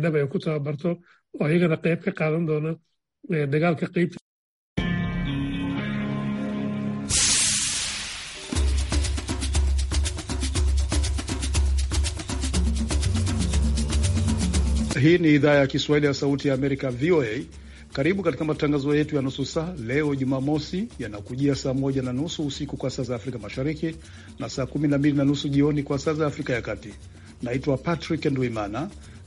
dhab ay ku tababarto oo iyagana qayb ka qaadan doona ee dagaalka qaybta Hii ni idhaa ya Kiswahili ya Sauti ya Amerika, VOA. Karibu katika matangazo yetu ya nusu saa leo Jumamosi, yanakujia saa moja na nusu usiku kwa saa za Afrika Mashariki na saa kumi na mbili na nusu jioni kwa saa za Afrika ya Kati. Naitwa Patrick Ndwimana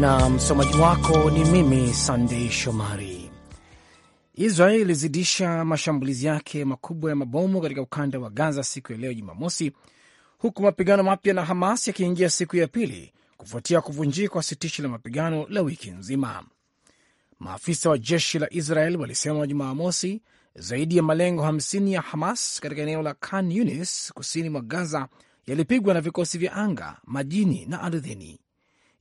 na msomaji wako ni mimi Sandei Shomari. Israel ilizidisha mashambulizi yake makubwa ya mabomu katika ukanda wa Gaza siku ya leo Jumamosi, huku mapigano mapya na Hamas yakiingia siku ya pili kufuatia kuvunjika kwa sitishi la mapigano la wiki nzima. Maafisa wa jeshi la Israel walisema Jumamosi zaidi ya malengo 50 ya Hamas katika eneo la Khan Yunis kusini mwa Gaza yalipigwa na vikosi vya anga, majini na ardhini.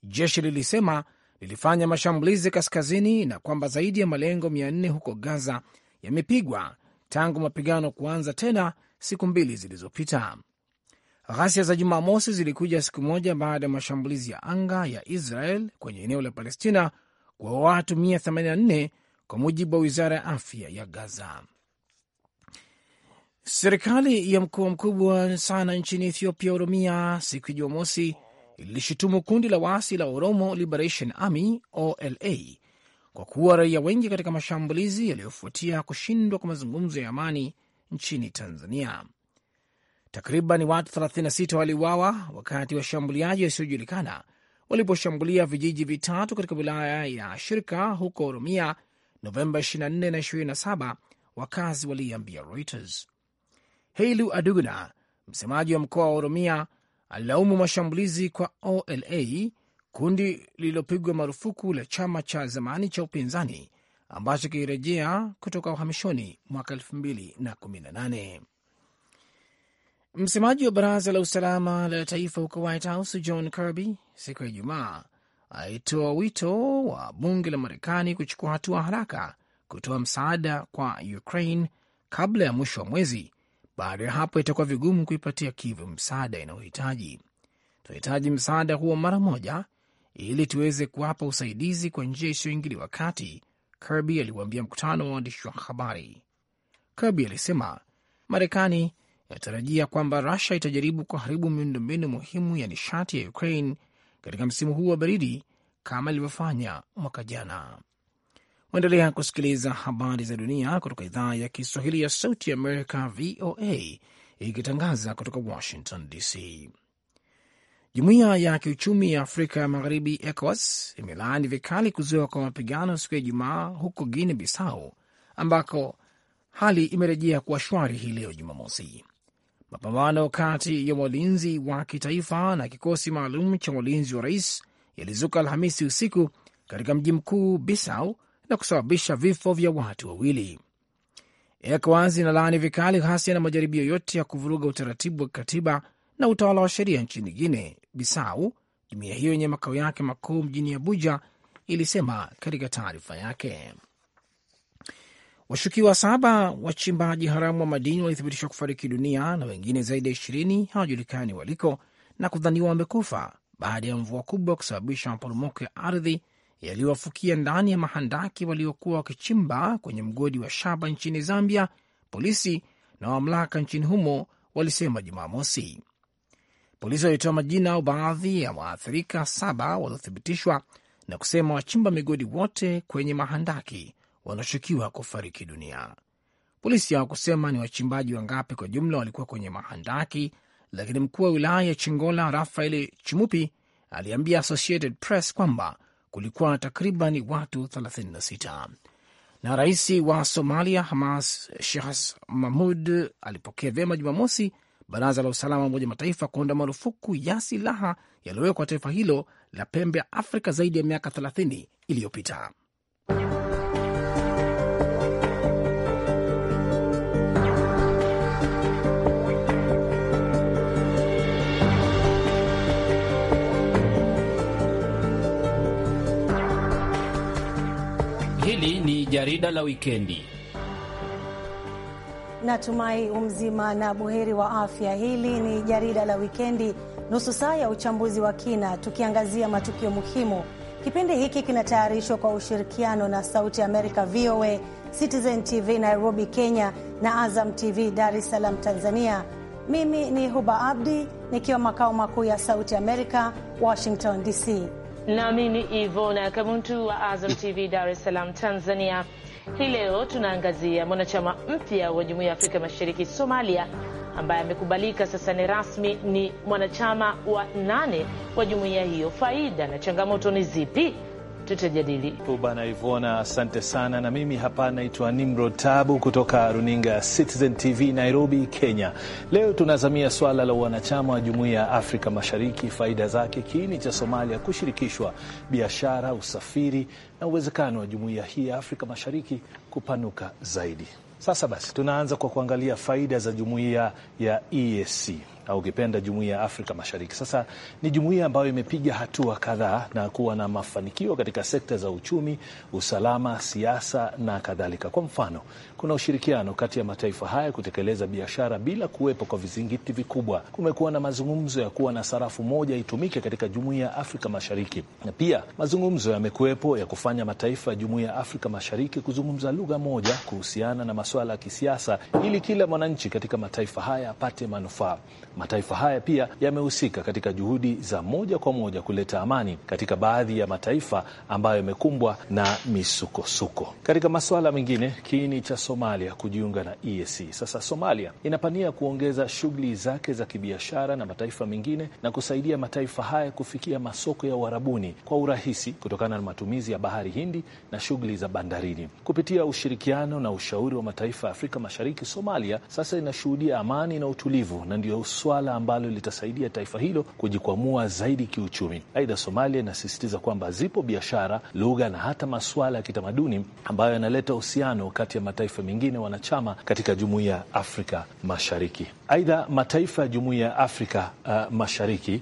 Jeshi lilisema lilifanya mashambulizi kaskazini na kwamba zaidi ya malengo mia nne huko Gaza yamepigwa tangu mapigano kuanza tena siku mbili zilizopita. Ghasia za Jumamosi zilikuja siku moja baada ya mashambulizi ya anga ya Israel kwenye eneo la Palestina kwa watu 184 kwa mujibu wa wizara ya afya ya Gaza. Serikali ya mkoa mkubwa sana nchini Ethiopia, Oromia, siku ya Jumamosi lilishutumu kundi la waasi la Oromo Liberation Army OLA kwa kuwa raia wengi katika mashambulizi yaliyofuatia kushindwa kwa mazungumzo ya amani nchini Tanzania. Takriban watu 36 waliuawa wakati washambuliaji wasiojulikana waliposhambulia vijiji vitatu katika wilaya ya Shirka huko Oromia Novemba 24 na 27, wakazi waliiambia Reuters. Heilu Adugna, msemaji wa mkoa wa Oromia, alilaumu mashambulizi kwa OLA, kundi lililopigwa marufuku la chama cha zamani cha upinzani ambacho kilirejea kutoka uhamishoni mwaka 2018. Msemaji wa baraza la usalama la taifa huko White House John Kirby siku ya Ijumaa alitoa wito wa bunge la Marekani kuchukua hatua haraka kutoa msaada kwa Ukraine kabla ya mwisho wa mwezi baada ya hapo itakuwa vigumu kuipatia Kivu msaada inayohitaji. Tunahitaji msaada huo mara moja ili tuweze kuwapa usaidizi kwa njia isiyoingili wakati Kirby aliwaambia mkutano wa waandishi wa habari. Kirby alisema Marekani inatarajia kwamba Rusia itajaribu kuharibu miundombinu muhimu ya nishati ya Ukraine katika msimu huu wa baridi kama ilivyofanya mwaka jana. Waendelea kusikiliza habari za dunia kutoka idhaa ya Kiswahili ya Sauti ya Amerika, VOA, ikitangaza kutoka Washington DC. Jumuiya ya Kiuchumi ya Afrika ya Magharibi, ECOWAS, imelaani vikali kuzuiwa kwa mapigano siku ya Ijumaa huko Guine Bissau, ambako hali imerejea kuwa shwari hii leo Jumamosi. Mapambano kati ya walinzi wa kitaifa na kikosi maalum cha walinzi wa rais yalizuka Alhamisi usiku katika mji mkuu Bissau na kusababisha vifo vya watu wawili. ECOWAS inalaani vikali ghasia na majaribio yote ya kuvuruga utaratibu wa kikatiba na utawala wa sheria nchini Guine Bisau. Jumuiya hiyo yenye makao yake makuu mjini Abuja ilisema katika taarifa yake. Washukiwa saba wachimbaji haramu wa madini walithibitishwa kufariki dunia na wengine zaidi ya ishirini hawajulikani waliko na kudhaniwa wamekufa baada ya mvua kubwa kusababisha maporomoko ya ardhi yaliyowafukia ndani ya mahandaki waliokuwa wakichimba kwenye mgodi wa shaba nchini Zambia, polisi na mamlaka nchini humo walisema Jumamosi. Polisi walitoa majina au baadhi ya waathirika saba waliothibitishwa na kusema wachimba migodi wote kwenye mahandaki wanashukiwa kufariki dunia. Polisi hawakusema ni wachimbaji wangapi kwa jumla walikuwa kwenye mahandaki, lakini mkuu wa wilaya ya Chingola Rafael Chimupi aliambia Associated Press kwamba kulikuwa takriban watu 36. Na rais wa Somalia Hamas Shehas Mahmud alipokea vyema Jumamosi baraza la usalama wa Umoja Mataifa kuonda marufuku ya silaha yaliyowekwa taifa hilo la pembe ya Afrika zaidi ya miaka 30 iliyopita. Jarida la wikendi. Natumai umzima na buheri wa afya. Hili ni jarida la wikendi, nusu saa ya uchambuzi wa kina, tukiangazia matukio muhimu. Kipindi hiki kinatayarishwa kwa ushirikiano na Sauti Amerika VOA, Citizen TV Nairobi, Kenya na Azam TV Dar es Salaam, Tanzania. Mimi ni Huba Abdi nikiwa makao makuu ya Sauti Amerika, Washington DC. Nami ni Ivona Kabuntu wa Azam TV Dar es Salaam, Tanzania. Hii leo tunaangazia mwanachama mpya wa Jumuiya ya Afrika Mashariki, Somalia, ambaye amekubalika sasa ni rasmi ni mwanachama wa nane wa jumuiya hiyo. Faida na changamoto ni zipi? tutajadili hapo Ivona, asante sana. Na mimi hapa naitwa Nimrod Tabu kutoka runinga ya Citizen TV Nairobi, Kenya. Leo tunazamia swala la wanachama wa jumuiya ya Afrika Mashariki, faida zake, kiini cha Somalia kushirikishwa, biashara, usafiri na uwezekano wa jumuiya hii ya Afrika Mashariki kupanuka zaidi. Sasa basi, tunaanza kwa kuangalia faida za jumuiya ya EAC au ukipenda jumuiya ya Afrika Mashariki. Sasa ni jumuiya ambayo imepiga hatua kadhaa na kuwa na mafanikio katika sekta za uchumi, usalama, siasa na kadhalika. Kwa mfano, kuna ushirikiano kati ya mataifa haya kutekeleza biashara bila kuwepo kwa vizingiti vikubwa. Kumekuwa na mazungumzo ya kuwa na sarafu moja itumike katika jumuiya ya Afrika Mashariki, na pia mazungumzo yamekuwepo ya kufanya mataifa ya jumuiya ya Afrika Mashariki kuzungumza lugha moja kuhusiana na masuala ya kisiasa, ili kila mwananchi katika mataifa haya apate manufaa. Mataifa haya pia yamehusika katika juhudi za moja kwa moja kuleta amani katika baadhi ya mataifa ambayo yamekumbwa na misukosuko. Katika masuala mengine, kiini cha Somalia kujiunga na EAC. Sasa Somalia inapania kuongeza shughuli zake za kibiashara na mataifa mengine na kusaidia mataifa haya kufikia masoko ya uharabuni kwa urahisi kutokana na matumizi ya bahari Hindi na shughuli za bandarini. Kupitia ushirikiano na ushauri wa mataifa ya Afrika Mashariki, Somalia sasa inashuhudia amani na utulivu na ndio swala ambalo litasaidia taifa hilo kujikwamua zaidi kiuchumi. Aidha, Somalia inasisitiza kwamba zipo biashara, lugha na hata masuala ya kitamaduni ambayo yanaleta uhusiano kati ya mataifa mengine wanachama katika jumuiya ya Afrika Mashariki. Aidha, mataifa ya jumuiya ya Afrika uh, Mashariki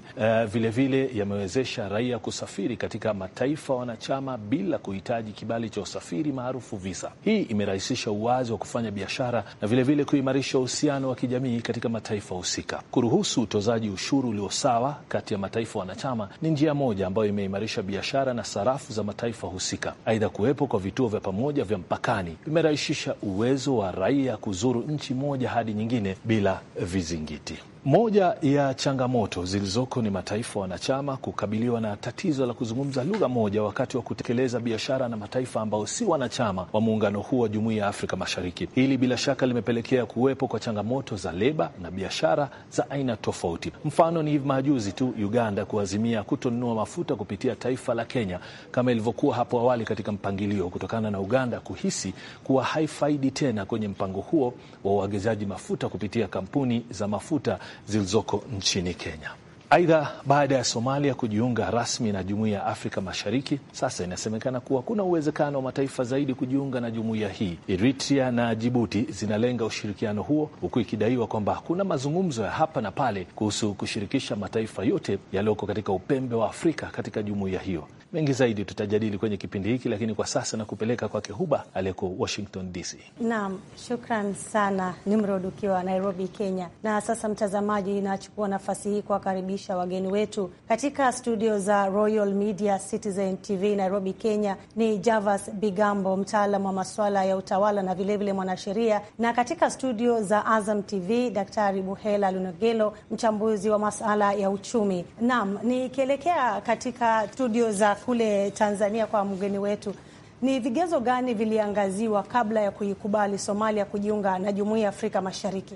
vilevile uh, yamewezesha raia kusafiri katika mataifa wanachama bila kuhitaji kibali cha usafiri maarufu visa. Hii imerahisisha uwazi wa kufanya biashara na vilevile kuimarisha uhusiano wa kijamii katika mataifa husika. Kuruhusu utozaji ushuru ulio sawa kati ya mataifa wanachama ni njia moja ambayo imeimarisha biashara na sarafu za mataifa husika. Aidha, kuwepo kwa vituo vya pamoja vya mpakani vimerahisisha uwezo wa raia kuzuru nchi moja hadi nyingine bila vizingiti. Moja ya changamoto zilizoko ni mataifa wanachama kukabiliwa na tatizo la kuzungumza lugha moja wakati wa kutekeleza biashara na mataifa ambao si wanachama wa muungano huu wa jumuiya ya Afrika Mashariki. Hili bila shaka limepelekea kuwepo kwa changamoto za leba na biashara za za aina tofauti. Mfano ni hivi majuzi tu Uganda kuazimia kutonunua mafuta kupitia taifa la Kenya kama ilivyokuwa hapo awali katika mpangilio, kutokana na Uganda kuhisi kuwa haifaidi tena kwenye mpango huo wa uagizaji mafuta kupitia kampuni za mafuta zilizoko nchini Kenya. Aidha, baada ya Somalia kujiunga rasmi na jumuiya ya Afrika Mashariki, sasa inasemekana kuwa kuna uwezekano wa mataifa zaidi kujiunga na jumuiya hii. Eritrea na Jibuti zinalenga ushirikiano huo, huku ikidaiwa kwamba kuna mazungumzo ya hapa na pale kuhusu kushirikisha mataifa yote yaliyoko katika upembe wa Afrika katika jumuiya hiyo. Mengi zaidi tutajadili kwenye kipindi hiki, lakini kwa sasa nakupeleka kwake Huba aliyeko Washington DC. Naam, shukran sana Nimrod ukiwa Nairobi, Kenya. Na sasa mtazamaji, inachukua nafasi hii kuwakaribia kukaribisha wageni wetu katika studio za Royal Media Citizen TV Nairobi, Kenya ni Javas Bigambo, mtaalam wa maswala ya utawala na vilevile mwanasheria, na katika studio za Azam TV Daktari Buhela Lunogelo, mchambuzi wa masala ya uchumi. Naam, nikielekea katika studio za kule Tanzania kwa mgeni wetu ni vigezo gani viliangaziwa kabla ya kuikubali Somalia kujiunga na jumuiya ya Afrika Mashariki?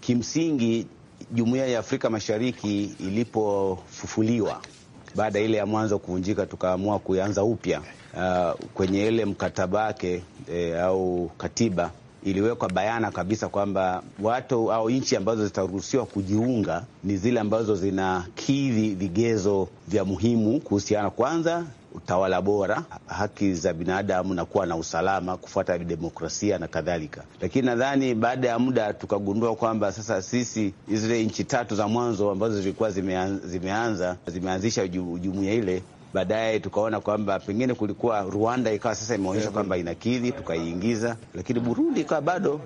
Kimsingi jumuiya ya Afrika Mashariki ilipofufuliwa baada ile ya mwanzo kuvunjika, tukaamua kuanza upya. Uh, kwenye ile mkataba wake eh, au katiba iliwekwa bayana kabisa kwamba watu au nchi ambazo zitaruhusiwa kujiunga ni zile ambazo zinakidhi vigezo vya muhimu kuhusiana kwanza utawala bora, haki za binadamu na kuwa na usalama, kufuata demokrasia na kadhalika. Lakini nadhani baada ya muda tukagundua kwamba sasa sisi zile nchi tatu za mwanzo ambazo zilikuwa zimeanza zimeanzisha jumuiya ile Baadaye tukaona kwamba pengine kulikuwa Rwanda ikawa sasa imeonyesha kwamba inakidhi, tukaiingiza, lakini Burundi ikawa bado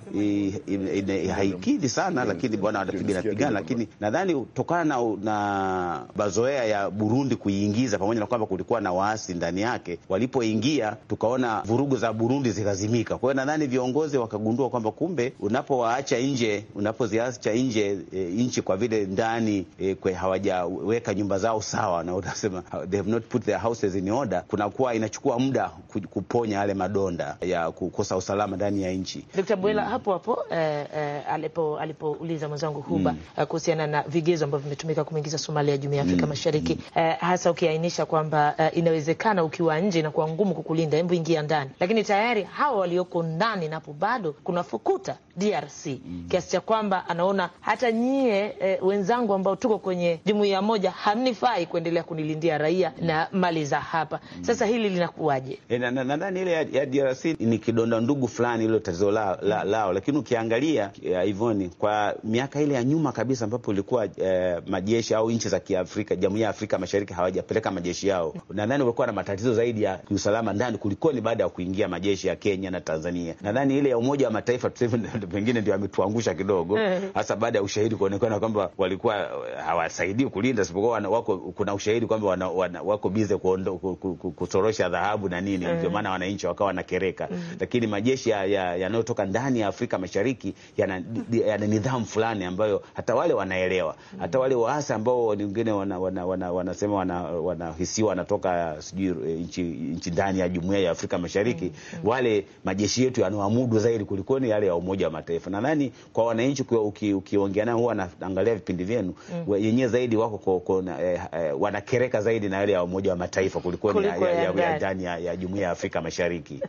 haikidhi sana, lakini bwana wanapigana pigana, lakini nadhani kutokana na, na mazoea ya Burundi kuiingiza, pamoja na kwamba kulikuwa na waasi ndani yake, walipoingia tukaona vurugu za Burundi zikazimika. Kwa hiyo nadhani viongozi wakagundua kwamba kumbe unapowaacha nje, unapoziacha nje e, nchi kwa vile ndani e, hawajaweka nyumba zao sawa, na unasema they have not put put their houses in order, kunakuwa inachukua muda kuponya yale madonda ya kukosa usalama ndani ya nchi. Dkt. Bwela, mm. hapo hapo eh, eh, alipouliza alipo mwenzangu Huba mm. Eh, kuhusiana na vigezo ambavyo vimetumika kumwingiza Somalia Jumuiya ya Afrika mm. Mashariki mm. Eh, hasa ukiainisha kwamba eh, inawezekana ukiwa nje na inakuwa ngumu kukulinda, hebu ingia ndani, lakini tayari hawa walioko ndani napo bado kuna fukuta DRC mm. kiasi cha kwamba anaona hata nyie eh, wenzangu ambao tuko kwenye jumuiya moja hamnifai kuendelea kunilindia raia mm. na maliza hapa. Mm. Sasa hili linakuwaje? E, eh, nadhani na, na, ile ya DRC ni kidonda ndugu fulani ilo tatizo lao, la, mm. lao, lakini ukiangalia eh, Ivoni kwa miaka ile ya nyuma kabisa ambapo ilikuwa uh, majeshi au nchi za Kiafrika, Jumuiya ya Afrika Mashariki hawajapeleka majeshi yao, nadhani walikuwa na matatizo zaidi ya kiusalama ndani kulikoni baada ya kuingia majeshi ya Kenya na Tanzania. Nadhani ile ya Umoja wa Mataifa pengine ndio ametuangusha kidogo, hasa baada ya ushahidi kuonekana kwamba walikuwa hawasaidii kulinda, sipokuwa wako kuna ushahidi kwamba wako bize kusorosha dhahabu na nini mm. Ndio eh. maana wananchi wakawa na kereka mm. Lakini majeshi yanayotoka ya, ya ndani ya Afrika Mashariki yana ya nidhamu fulani ambayo hata wale wanaelewa mm. Hata wale waasi ambao wengine wanasema wana, wana, wana, wana, wanahisiwa wana wanatoka sijui eh, nchi ndani ya Jumuiya ya Afrika Mashariki mm. Mm. Wale majeshi yetu yanawamudu zaidi kuliko ni yale ya Umoja wa Mataifa. na nani kwa wananchi ukiongea nao huwa anaangalia vipindi vyenu mm. Yenyewe zaidi wako kwa, kwa, eh, eh, wanakereka zaidi na yale ya Umoja Umoja wa Mataifa kuliko ya ya, ya, ndani ya, ya Jumuiya ya Afrika Mashariki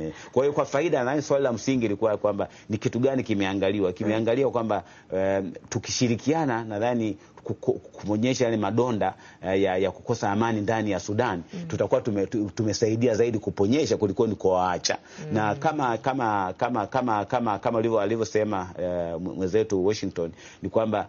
eh. Kwa hiyo kwa faida na swali la msingi ilikuwa kwamba ni kitu gani kimeangaliwa, kimeangaliwa kwamba eh, tukishirikiana nadhani kumonyesha yale madonda eh, ya, ya kukosa amani ndani ya Sudan mm. tutakuwa tume, tumesaidia zaidi kuponyesha kuliko ni kuwaacha mm. na kama kama kama kama kama kama alivyosema eh, mwenzetu Washington ni kwamba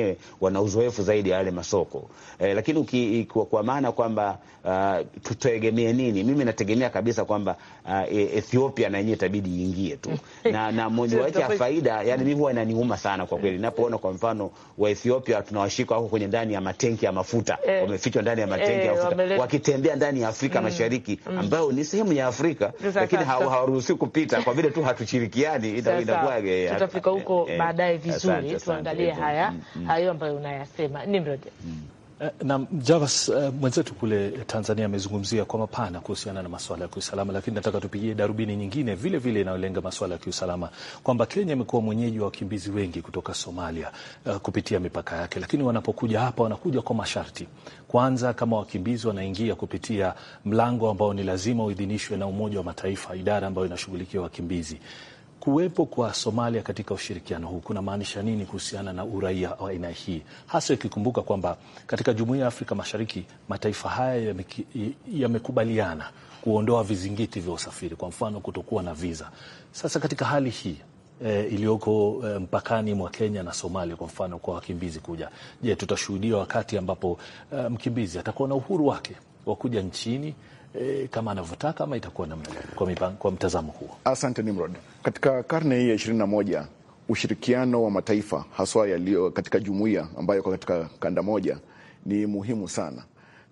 wenyewe wana uzoefu zaidi ya yale masoko eh, lakini uki, kwa, kwa maana kwamba uh, tutegemee nini? Mimi nategemea kabisa kwamba uh, Ethiopia na yenyewe itabidi iingie tu na, na mojawapo ya faida yani, mimi huwa inaniuma sana kwa kweli ninapoona kwa mfano wa Ethiopia tunawashika wako kwenye ndani ya matenki ya mafuta eh, wamefichwa ndani ya eh, matenki eh, ya mafuta wamele... wakitembea ndani ya Afrika mm, Mashariki mm, ambayo ni sehemu ya Afrika Zasa, lakini hawaruhusi kupita kwa vile tu hatushirikiani, itakuwa tutafika huko eh, eh, baadaye vizuri, tuangalie haya mm, mm hayo ambayo unayasema Nimrod. Mm. Eh, na Javas, uh, mwenzetu kule Tanzania amezungumzia kwa mapana kuhusiana na masuala ya kiusalama, lakini nataka tupigie darubini nyingine vile vile inayolenga masuala ya kiusalama kwamba Kenya imekuwa mwenyeji wa wakimbizi wengi kutoka Somalia uh, kupitia mipaka yake, lakini wanapokuja hapa wanakuja kwa masharti. Kwanza, kama wakimbizi wanaingia kupitia mlango ambao ni lazima uidhinishwe na Umoja wa Mataifa, idara ambayo inashughulikia wakimbizi kuwepo kwa Somalia katika ushirikiano huu kuna maanisha nini kuhusiana na uraia wa aina hii, hasa ikikumbuka kwamba katika jumuiya ya Afrika Mashariki mataifa haya yamekubaliana ya kuondoa vizingiti vya usafiri, kwa mfano kutokuwa na viza. Sasa katika hali hii e, iliyoko e, mpakani mwa Kenya na Somalia, kwa mfano kwa wakimbizi kuja, je, tutashuhudia wakati ambapo e, mkimbizi atakuwa na uhuru wake wa kuja nchini e, kama anavyotaka ama itakuwa namna gani kwa, kwa mtazamo huo? Asante Nimrod. Katika karne hii ya ishirini na moja ushirikiano wa mataifa haswa yaliyo katika jumuiya ambayo iko katika kanda moja ni muhimu sana,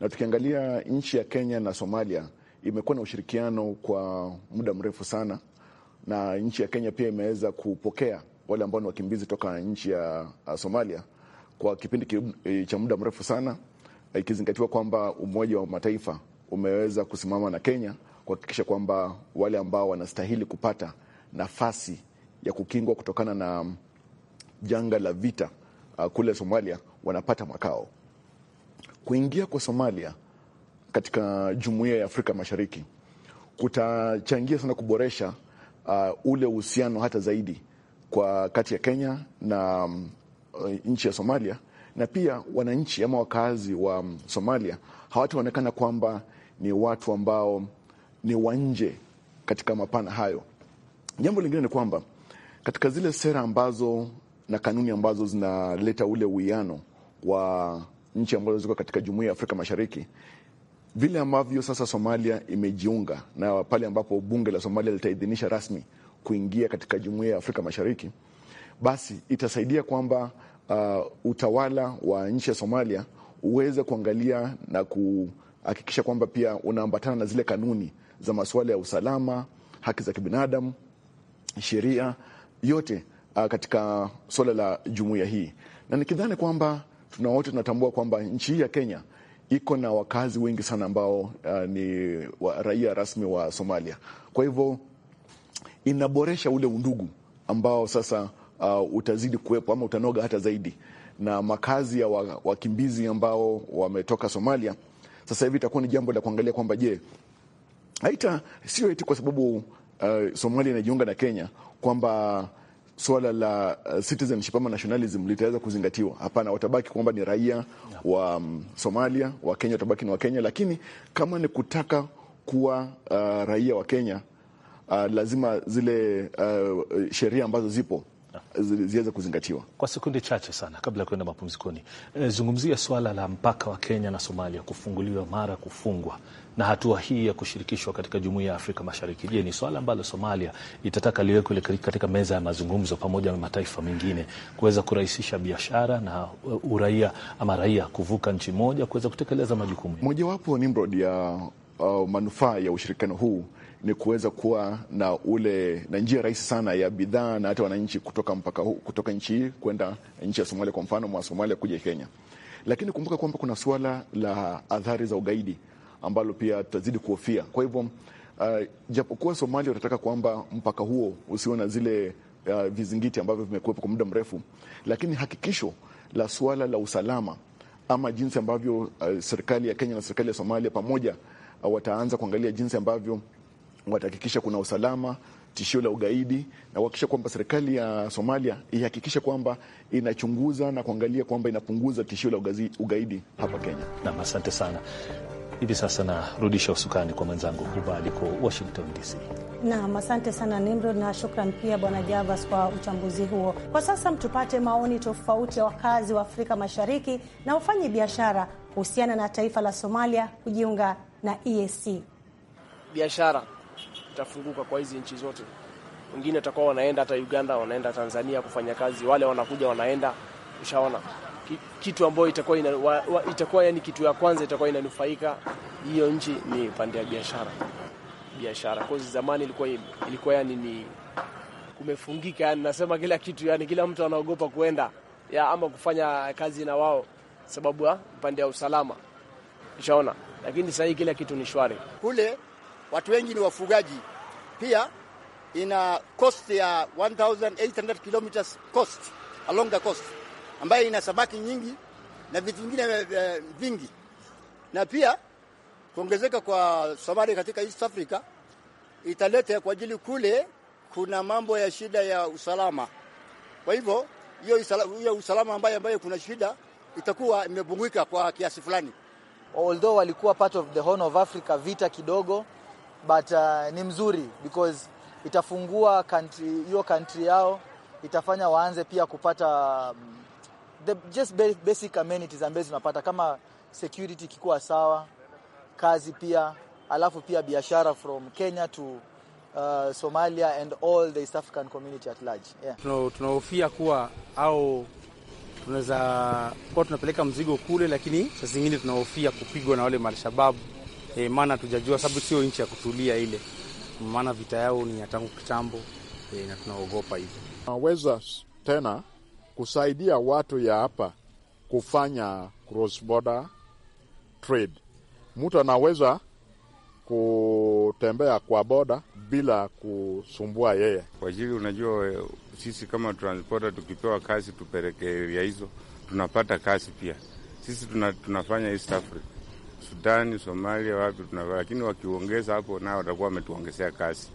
na tukiangalia nchi ya Kenya na Somalia imekuwa na ushirikiano kwa muda mrefu sana, na nchi ya Kenya pia imeweza kupokea wale ambao ni wakimbizi toka nchi ya Somalia kwa kipindi cha muda mrefu sana, ikizingatiwa kwamba Umoja wa Mataifa umeweza kusimama na Kenya kuhakikisha kwamba wale ambao wanastahili kupata nafasi ya kukingwa kutokana na janga la vita uh, kule Somalia wanapata makao. Kuingia kwa Somalia katika jumuiya ya Afrika Mashariki kutachangia sana kuboresha uh, ule uhusiano hata zaidi kwa kati ya Kenya na um, uh, nchi ya Somalia, na pia wananchi ama wakaazi wa um, Somalia hawataonekana kwamba ni watu ambao ni wanje katika mapana hayo. Jambo lingine ni kwamba katika zile sera ambazo na kanuni ambazo zinaleta ule uwiano wa nchi ambazo ziko katika jumuia ya Afrika Mashariki, vile ambavyo sasa Somalia imejiunga na pale ambapo bunge la Somalia litaidhinisha rasmi kuingia katika jumuia ya Afrika Mashariki, basi itasaidia kwamba uh, utawala wa nchi ya Somalia uweze kuangalia na ku hakikisha kwamba pia unaambatana na zile kanuni za masuala ya usalama, haki za kibinadamu, sheria yote ah, katika suala la jumuiya hii, na nikidhani kwamba tuna wote tunatambua kwamba nchi hii ya Kenya iko na wakazi wengi sana ambao uh, ni wa, raia rasmi wa Somalia. Kwa hivyo inaboresha ule undugu ambao sasa uh, utazidi kuwepo ama utanoga hata zaidi, na makazi ya wakimbizi ambao wametoka Somalia sasa hivi itakuwa ni jambo la kuangalia kwamba je, haita sio eti kwa sababu uh, Somalia inajiunga na Kenya kwamba swala la uh, citizenship ama nationalism litaweza kuzingatiwa. Hapana, watabaki kwamba ni raia wa um, Somalia, wa Kenya watabaki ni wa Kenya, lakini kama ni kutaka kuwa uh, raia wa Kenya uh, lazima zile uh, sheria ambazo zipo ziweze kuzingatiwa. Kwa sekunde chache sana kabla ya kuenda mapumzikoni, e, zungumzia swala la mpaka wa Kenya na Somalia kufunguliwa mara kufungwa na hatua hii ya kushirikishwa katika jumuiya ya Afrika Mashariki. Je, ni swala ambalo Somalia itataka liwekwe katika meza ya mazungumzo pamoja na mataifa mengine kuweza kurahisisha biashara na eh, uraia ama raia kuvuka nchi moja kuweza kutekeleza majukumu? Mojawapo ni mrodi ya uh, manufaa ya ushirikiano huu ni kuweza kuwa na ule na njia rahisi sana ya bidhaa na hata wananchi kutoka mpaka huu, kutoka nchi hii kwenda nchi ya Somalia, kwa mfano mwa Somalia kuja Kenya. Lakini kumbuka kwamba kuna suala la athari za ugaidi ambalo pia tutazidi kuhofia. Kwa hivyo uh, japokuwa Somalia utataka kwamba mpaka huo usiwe na zile uh, vizingiti ambavyo vimekuwepo kwa muda mrefu, lakini hakikisho la suala la usalama ama jinsi ambavyo uh, serikali ya Kenya na serikali ya Somalia pamoja uh, wataanza kuangalia jinsi ambavyo watahakikisha kuna usalama, tishio la ugaidi na kuhakikisha kwamba serikali ya Somalia ihakikishe kwamba inachunguza na kuangalia kwamba inapunguza tishio la ugaidi hapa Kenya. na asante sana. Hivi sasa narudisha usukani kwa mwenzangu Huba aliko Washington DC. Nam, asante sana Nimrod, na shukran pia Bwana Javas kwa uchambuzi huo. Kwa sasa mtupate maoni tofauti ya wakazi wa Afrika Mashariki na wafanyi biashara kuhusiana na taifa la Somalia kujiunga na EAC biashara itafunguka kwa hizi nchi zote. Wengine watakuwa wanaenda hata Uganda, wanaenda Tanzania kufanya kazi, wale wanakuja wanaenda, ushaona kitu ambayo itakuwa ina, wa, wa, itakuwa yani kitu ya kwanza itakuwa inanufaika hiyo nchi ni pande ya biashara biashara. Kwa sababu zamani ilikuwa ilikuwa yani ni kumefungika, yani nasema kila kitu yani kila mtu anaogopa kuenda ya ama kufanya kazi na wao sababu ya pande ya usalama, ushaona. Lakini sasa hii kila kitu ni shwari kule watu wengi ni wafugaji. Pia ina cost ya 1800 kilometers cost along the coast ambayo ina samaki nyingi na vitu vingine eh, eh, vingi, na pia kuongezeka kwa Somalia katika East Africa italeta kwa ajili kule kuna mambo ya shida ya usalama. Kwa hivyo hiyo usalama ambayo ambayo kuna shida itakuwa imepungwika kwa kiasi fulani, although walikuwa part of the Horn of Africa vita kidogo but uh, ni mzuri because itafungua country, hiyo country yao itafanya waanze pia kupata um, the just basic amenities ambazo unapata kama security ikikuwa sawa, kazi pia, alafu pia biashara from Kenya to uh, Somalia and all the East African community at large. Yeah. Tunahofia kuwa au tunaweza kuwa tunapeleka mzigo kule, lakini saa zingine tunahofia kupigwa na wale Alshababu e, maana tujajua sababu sio nchi ya kutulia ile, maana vita yao ni ya tangu kitambo e, na tunaogopa hivyo. Naweza tena kusaidia watu ya hapa kufanya cross border trade. Mtu anaweza kutembea kwa boda bila kusumbua yeye, kwa ajili unajua, eh, sisi kama transporter tukipewa kazi tupeleke eria hizo tunapata kazi pia. Sisi tuna, tunafanya East Africa Sudani, Somalia, wapi tunavaa, lakini wakiongeza hapo nao watakuwa wametuongezea kazi.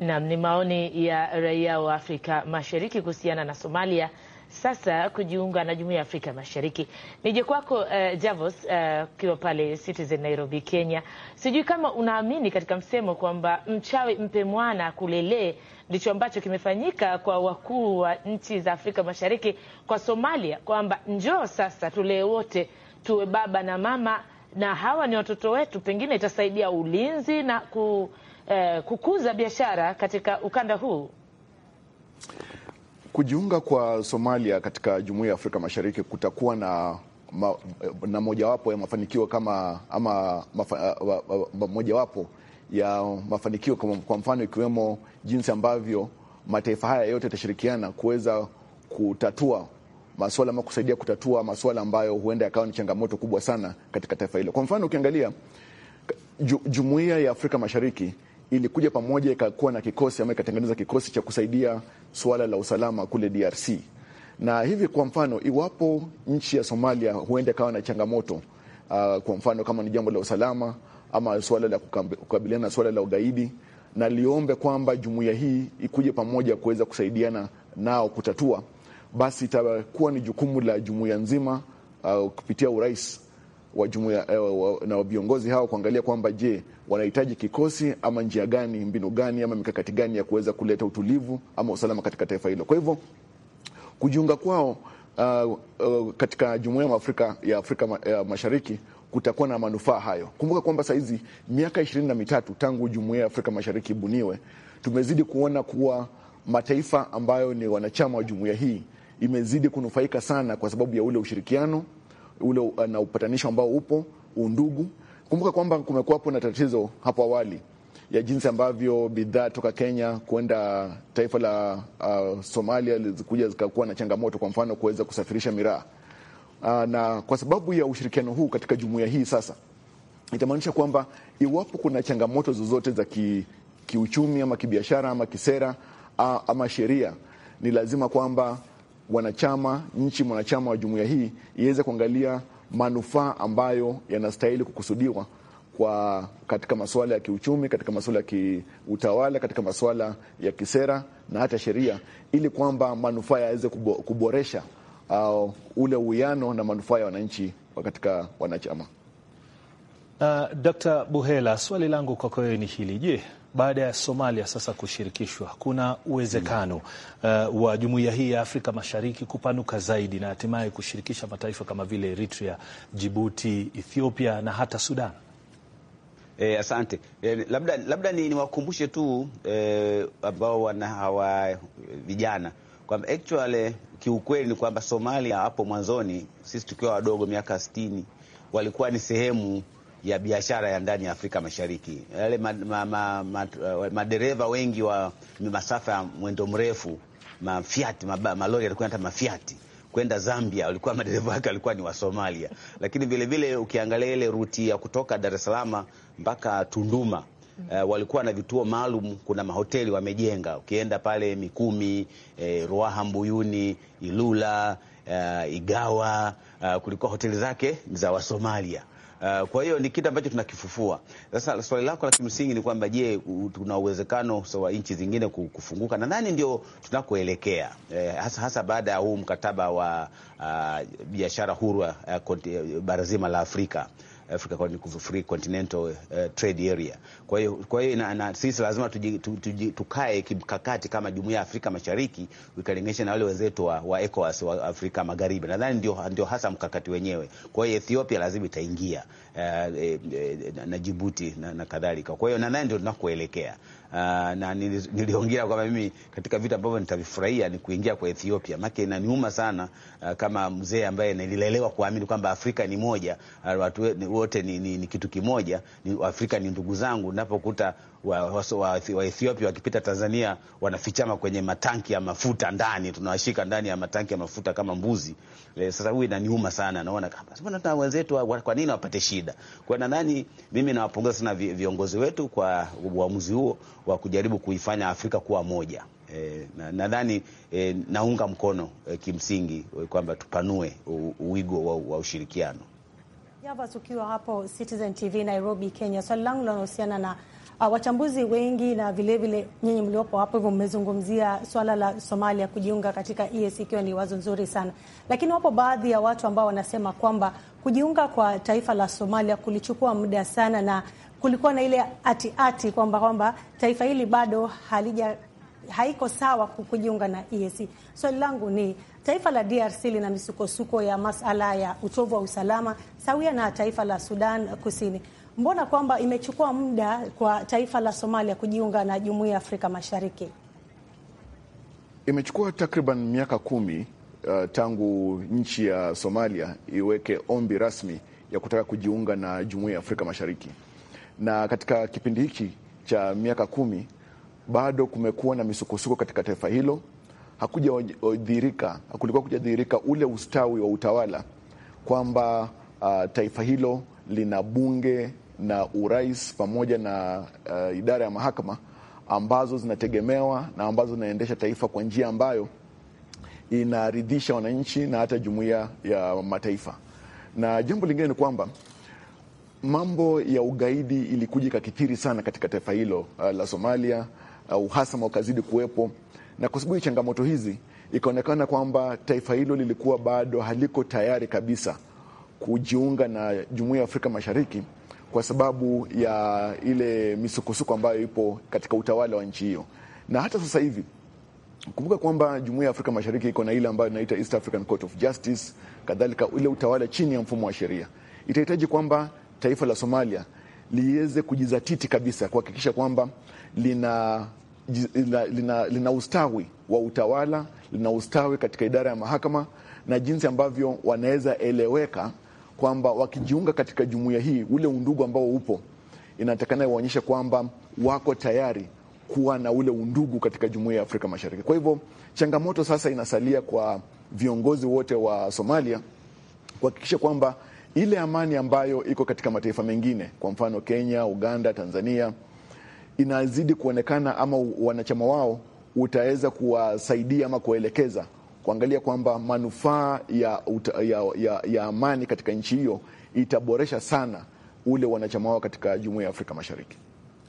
Nam ni maoni ya raia wa Afrika Mashariki kuhusiana na Somalia sasa kujiunga na jumuiya ya Afrika Mashariki. Nije kwako uh, Javos eh, ukiwa uh, pale Citizen Nairobi, Kenya. Sijui kama unaamini katika msemo kwamba mchawi mpe mwana kulelee. Ndicho ambacho kimefanyika kwa wakuu wa nchi za Afrika Mashariki kwa Somalia, kwamba njoo sasa tulee wote tuwe baba na mama na hawa ni watoto wetu, pengine itasaidia ulinzi na ku, eh, kukuza biashara katika ukanda huu. Kujiunga kwa Somalia katika Jumuiya ya Afrika Mashariki kutakuwa na ma, na mojawapo ya mafanikio kama ama mafa, eh, mojawapo ya mafanikio kama, kwa mfano ikiwemo jinsi ambavyo mataifa haya yote yatashirikiana kuweza kutatua maswala ama kusaidia kutatua maswala ambayo huenda yakawa ni changamoto kubwa sana katika taifa hilo. Kwa mfano, ukiangalia jumuiya ya Afrika Mashariki ilikuja pamoja ikakuwa na kikosi ama ikatengeneza kikosi cha kusaidia swala la usalama kule DRC. Na hivi kwa mfano, iwapo nchi ya Somalia huenda ikawa na changamoto uh, kwa mfano kama ni jambo la usalama ama swala la kukabiliana na swala la ugaidi, na liombe kwamba jumuiya hii ikuje pamoja kuweza kusaidiana nao kutatua basi itakuwa ni jukumu la jumuiya nzima uh, kupitia urais wa jumuiya uh, na viongozi hao kuangalia kwamba je, wanahitaji kikosi ama njia gani, mbinu gani ama mikakati gani ya kuweza kuleta utulivu ama usalama katika taifa hilo. Kwa hivyo kujiunga kwao uh, uh, katika jumuiya ya Afrika, ya Afrika ya Mashariki kutakuwa na manufaa hayo. Kumbuka kwamba hizi miaka ishirini na mitatu tangu jumuiya ya Afrika Mashariki ibuniwe, tumezidi kuona kuwa mataifa ambayo ni wanachama wa jumuiya hii imezidi kunufaika sana kwa sababu ya ule ushirikiano ule uh, na upatanisho ambao upo undugu. Kumbuka kwamba kumekuwa hapo na tatizo hapo awali ya jinsi ambavyo bidhaa toka Kenya kwenda taifa la uh, Somalia zilikuja zikakuwa na changamoto, kwa mfano kuweza kusafirisha miraa uh, na kwa sababu ya ushirikiano huu katika jumuiya hii sasa itamaanisha kwamba iwapo kuna changamoto zozote za ki, kiuchumi ama kibiashara ama kisera uh, ama sheria, ni lazima kwamba wanachama, nchi mwanachama wa jumuiya hii iweze kuangalia manufaa ambayo yanastahili kukusudiwa kwa katika masuala ya kiuchumi, katika masuala ya kiutawala, katika masuala ya kisera na hata sheria, ili kwamba manufaa yaweze kuboresha uh, ule uwiano na manufaa ya wananchi katika wanachama. Uh, Dr. Buhela, swali langu kwako wewe ni hili. Je, baada ya Somalia sasa kushirikishwa, kuna uwezekano uh, wa jumuiya hii ya Afrika Mashariki kupanuka zaidi na hatimaye kushirikisha mataifa kama vile Eritrea, Djibouti, Ethiopia na hata Sudan? E, asante e, labda, labda niwakumbushe ni tu e, ambao wana hawa vijana kwamba actually kiukweli ni kwamba Somalia hapo mwanzoni, sisi tukiwa wadogo miaka 60 walikuwa ni sehemu ya biashara ya ndani ya Afrika Mashariki. Yale madereva ma, ma, ma, eh, wengi wa masafa ya mwendo mrefu mafiati malori yalikuwa hata mafiati kwenda Zambia, walikuwa madereva wake walikuwa ni Wasomalia. Lakini vilevile ukiangalia ile ruti ya kutoka Dar es Salaam mpaka Tunduma Uh, walikuwa na vituo maalum. Kuna mahoteli wamejenga, ukienda pale Mikumi, eh, Ruaha, Mbuyuni, Ilula, uh, Igawa, uh, kulikuwa hoteli zake za Wasomalia Uh, kwa hiyo ni kitu ambacho tunakifufua sasa. Swali lako la kimsingi ni kwamba je, tuna uwezekano wa nchi zingine kufunguka? Nadhani ndio tunakoelekea, eh, hasa, hasa baada ya huu mkataba wa uh, biashara huru uh, bara zima la Afrika. Africa Free Continental uh, Trade Area. Kwa hiyo kwa hiyo na, na sisi lazima tuji, tu, tuji, tukae kimkakati kama Jumuiya ya Afrika Mashariki ukilinganisha na wale wenzetu wa, wa ECOWAS wa Afrika Magharibi. Nadhani ndio, ndio hasa mkakati wenyewe. Kwa hiyo Ethiopia lazima itaingia uh, e, e, na Djibouti na, na kadhalika. Kwa hiyo nadhani ndio tunakoelekea uh, na niliongea kwamba mimi katika vitu ambavyo nitavifurahia ni kuingia kwa Ethiopia, maana inaniuma sana uh, kama mzee ambaye nililelewa kuamini kwamba Afrika ni moja, ah, watu wote ni, ni, ni kitu kimoja, ni Afrika ni ndugu zangu, napokuta wa, wa, wa, wa Ethiopia wakipita Tanzania wanafichama kwenye matanki ya mafuta ndani, tunawashika ndani ya matanki ya mafuta kama mbuzi. E, sasa huyu inaniuma sana, naona kama sasa tuna wenzetu wa, kwa nini wapate shida? Kwa na nani, mimi nawapongeza sana vi, viongozi wetu kwa uamuzi huo wa kujaribu kuifanya Afrika kuwa moja. E, nadhani na eh, e, naunga mkono e, kimsingi kwamba tupanue uwigo wa, wa ushirikiano. Javas, ukiwa hapo Citizen TV Nairobi, Kenya, swali langu linahusiana na uh, wachambuzi wengi na vilevile nyinyi mliopo hapo hivyo mmezungumzia swala la Somalia kujiunga katika EAC ikiwa ni wazo nzuri sana, lakini wapo baadhi ya watu ambao wanasema kwamba kujiunga kwa taifa la Somalia kulichukua muda sana na kulikuwa na ile atiati kwamba kwamba taifa hili bado halija haiko sawa kujiunga na EAC. Swali so, langu ni taifa la DRC lina misukosuko ya masala ya utovu wa usalama sawia na taifa la Sudan Kusini mbona kwamba imechukua muda kwa taifa la Somalia kujiunga na jumuiya ya Afrika Mashariki? Imechukua takriban miaka kumi uh, tangu nchi ya Somalia iweke ombi rasmi ya kutaka kujiunga na jumuiya ya Afrika Mashariki, na katika kipindi hiki cha miaka kumi bado kumekuwa na misukosuko katika taifa hilo. Hakujadhihirika, kulikuwa kujadhihirika ule ustawi wa utawala kwamba uh, taifa hilo lina bunge na urais pamoja na uh, idara ya mahakama ambazo zinategemewa na ambazo zinaendesha taifa kwa njia ambayo inaridhisha wananchi na hata jumuiya ya mataifa. Na jambo lingine ni kwamba mambo ya ugaidi ilikuja ikakithiri sana katika taifa hilo uh, la Somalia. Uh, uhasama ukazidi kuwepo, na kwa sababu ya changamoto hizi ikaonekana kwamba taifa hilo lilikuwa bado haliko tayari kabisa kujiunga na jumuiya ya Afrika Mashariki kwa sababu ya ile misukosuko ambayo ipo katika utawala wa nchi hiyo, na hata sasa hivi kumbuka kwamba Jumuiya ya Afrika Mashariki iko na ile ambayo inaita East African Court of Justice, kadhalika ile utawala chini ya mfumo wa sheria. Itahitaji kwamba taifa la Somalia liweze kujizatiti kabisa kuhakikisha kwamba lina, lina, lina, lina ustawi wa utawala, lina ustawi katika idara ya mahakama na jinsi ambavyo wanaweza eleweka kwamba wakijiunga katika jumuiya hii, ule undugu ambao upo inatakana waonyeshe kwamba wako tayari kuwa na ule undugu katika jumuiya ya Afrika Mashariki. Kwa hivyo changamoto sasa inasalia kwa viongozi wote wa Somalia kuhakikisha kwamba ile amani ambayo iko katika mataifa mengine, kwa mfano Kenya, Uganda, Tanzania, inazidi kuonekana ama wanachama wao utaweza kuwasaidia ama kuwaelekeza kuangalia kwamba manufaa ya, ya, ya, ya amani katika nchi hiyo itaboresha sana ule wanachama wao katika jumuiya ya Afrika Mashariki.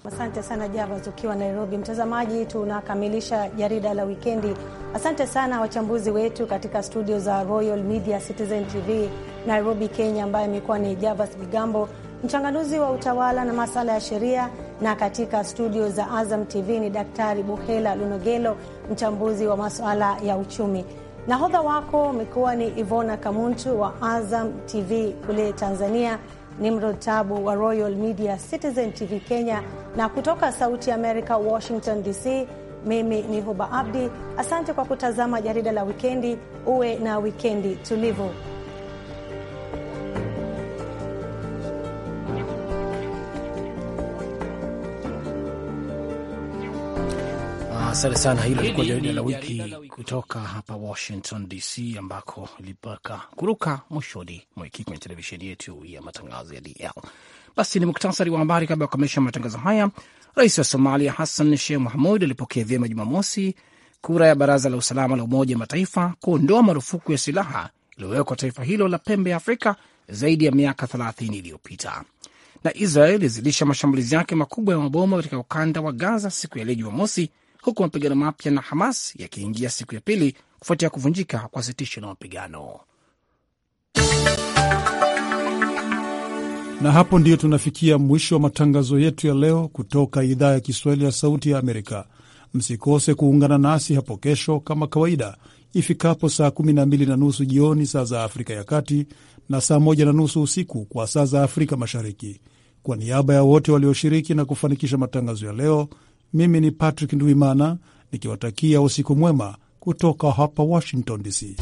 Asante sana Javas ukiwa Nairobi. Mtazamaji, tunakamilisha jarida la wikendi. Asante sana wachambuzi wetu katika studio za Royal Media Citizen TV Nairobi, Kenya, ambaye amekuwa ni Javas Bigambo, mchanganuzi wa utawala na masuala ya sheria, na katika studio za Azam TV ni Daktari Buhela Lunogelo, mchambuzi wa masuala ya uchumi. Nahodha wako umekuwa ni Ivona Kamuntu wa Azam TV kule Tanzania, Nimrod Tabu wa Royal Media, Citizen TV Kenya, na kutoka Sauti ya Washington DC, mimi ni Huba Abdi. Asante kwa kutazama jarida la wikendi. Uwe na wikendi tulivu. Asante sana, hilo lilikuwa jarida la wiki kutoka hapa Washington DC, ambako ilipaka kuruka mwishoni mwa wiki kwenye televisheni yetu ya matangazo ya DL. Basi ni muktasari wa habari kabla ya kukamilisha matangazo haya. Rais wa Somalia Hassan Sheikh Mohamud alipokea vyema Jumamosi kura ya Baraza la Usalama la Umoja wa Mataifa kuondoa marufuku ya silaha iliyowekwa taifa hilo la pembe ya Afrika zaidi ya miaka 30 iliyopita. Na Israel ilizidisha mashambulizi yake makubwa ya mabomu katika ukanda wa Gaza siku ya leo Jumamosi huku mapigano mapya na Hamas yakiingia siku ya pili kufuatia kuvunjika kwa sitisho la mapigano. Na hapo ndiyo tunafikia mwisho wa matangazo yetu ya leo kutoka idhaa ya Kiswahili ya Sauti ya Amerika. Msikose kuungana nasi hapo kesho kama kawaida ifikapo saa 12 na nusu jioni saa za Afrika ya Kati na saa 1 na nusu usiku kwa saa za Afrika Mashariki. Kwa niaba ya wote walioshiriki na kufanikisha matangazo ya leo, mimi ni Patrick nduimana nikiwatakia usiku mwema kutoka hapa Washington DC.